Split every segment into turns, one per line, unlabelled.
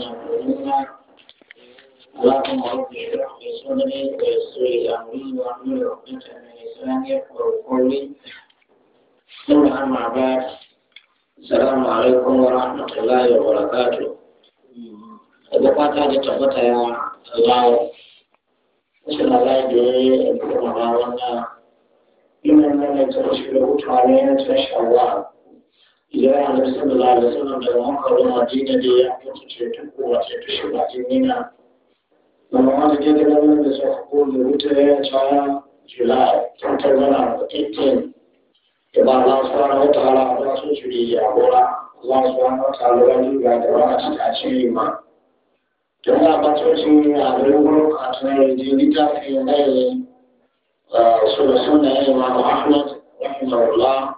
شكرنا اللهم رب اشرح لي صدري ويسر لي امري واحلل عقدة من لساني يفقهوا قولي ثم اما بعد السلام عليكم ورحمة الله وبركاته Bukata da tabbata ya Allah, wasu na zai da ya yi kuma ba wannan ina nan da ta shi da hutawa ne na tashi Allah. idan annabi sallallahu alaihi wasallam daga makka zuwa madina da ya mutu ce tuku wace ta shiga jinina amma wani ke da wani da suka kone wuta ya ca july 2018 da ba Allah subhanahu wa ta'ala ba su shiri ya gora Allah subhanahu wa ta'ala wani ga da wani ci ta ce ma
don a bacocin a garin gurin a tunanin
da littafin mai su da sunayen Imam Ahmad rahimahullah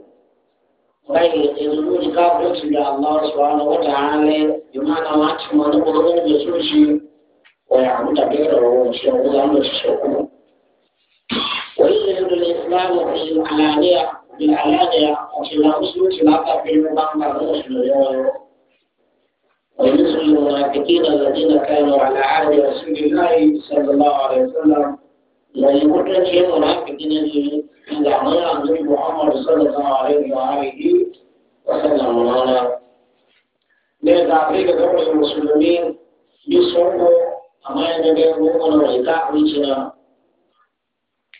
kai yanzu ni ka kunci da Allah subhanahu wa ta'ala imana ma ci ma na gurbin da su shi wa ya mu da gaira wa shi ko da mu shi ko wa yuridu al-islam fi al-alaniya bil alaniya wa shi la usul shi la ta fi ban ba da shi ne yo wa yusul munafiqina alladhina kanu ala ahdi rasulillahi sallallahu alaihi wasallam la yumkinu munafiqina يعنيها النبي محمد صلى الله عليه وآله وسلم مولانا لذا أفريق دولة المسلمين يصرفوا أما ينبغي مؤمن وإيتاء وجهنا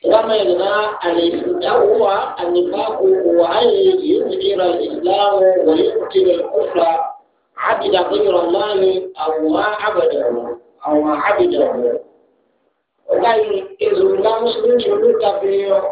وما يغنى هو النفاق هو أن يظهر الإسلام ويبطل الكفر عبد غير الله أو ما عبده أو ما عبده وكان إذا كان مسلم يقول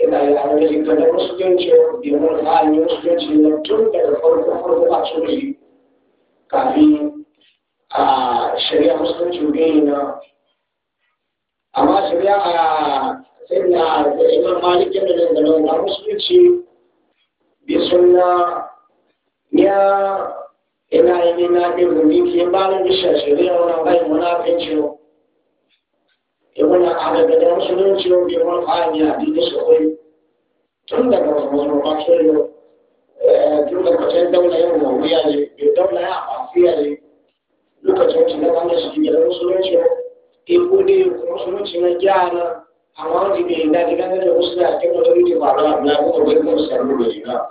yana yi a wani ganin musulunci domin halin musulunci na tun daga farko farko a tsohi kafin a shari'a musulunci gani na a sai na da imam malik yana da ganin na musulunci bi suna ya ina yi na ɗin rubiki ba da bishar shari'a wani bai munafincin domin a adadada musulunci yau bai wani ƙari a dini sosai tun daga wani masu yau tun daga can daula yau na wuya ne bai daula ya fasiya ne lokacin su na wanda su ke da musulunci yau iko ne musulunci na gyara amma wani bai da diga na da musulunci a cikin wata rikin ba da na kuma bai kuma sarru da diga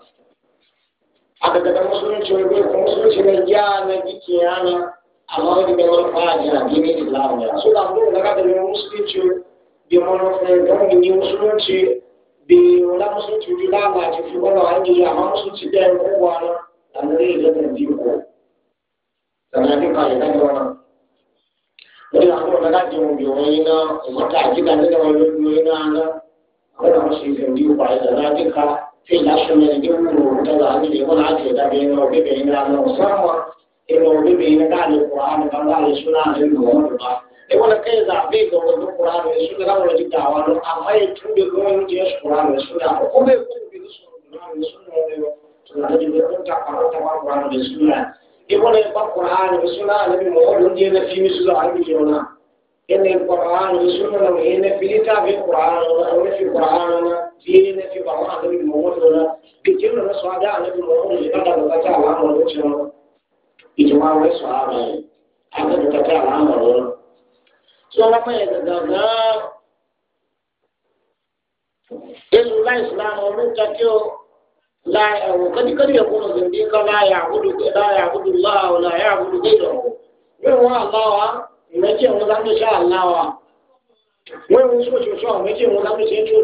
a daga da musulunci yau bai kuma musulunci na gyara gikin yana along with our father and give it love. So that we look at the Muslim to be one of the young Muslim to be one of the to be love and if you want to hang your house to them who are and they let them view go. So I think I don't know. Wọ́n yà kó lọ́dá ìlú yín náà náà, wọ́n náà ṣe ìfẹ̀mí ìwà ìdàgbà àjíká tí يقول بي نقال القرآن قال السنة للمهم يقول كي زعبي قول القرآن والسنة قال ولا جدا وانا أما يتم بقول يجيش القرآن والسنة وقم يقول بي القرآن والسنة يقول القرآن والسنة للمهم لدي نفي مثل عربي جونا إن القرآن والسنة وإن في كتاب القرآن وإن في القرآن دين في بعض النبي محمد ولا كتير من الصعداء النبي محمد اللي بدأ بقطع العام والوجه ìjọba wẹ́ sọ ara rẹ̀ àwọn ìdókòtà àwọn ọ̀rọ̀ tí wọ́n pẹ́ gàgà gan-an ìlú láìsílámù olùkọ́ kí ó láì ọ̀rọ̀ kọ́díkọ́dí ẹ̀kọ́ ló ń bí kọ́ láì àbúdù láì àbúdù láàwọ̀ láì àbúdù gbẹ̀dọ̀ wọ́n wọ́n àláwa ìrẹ́jì ìwọ́n lámúṣẹ́ àláwa wọ́n ìwọ́n sọ̀ṣọ̀ṣọ̀ ìrẹ́jì ìwọ́n lámúṣẹ́ tó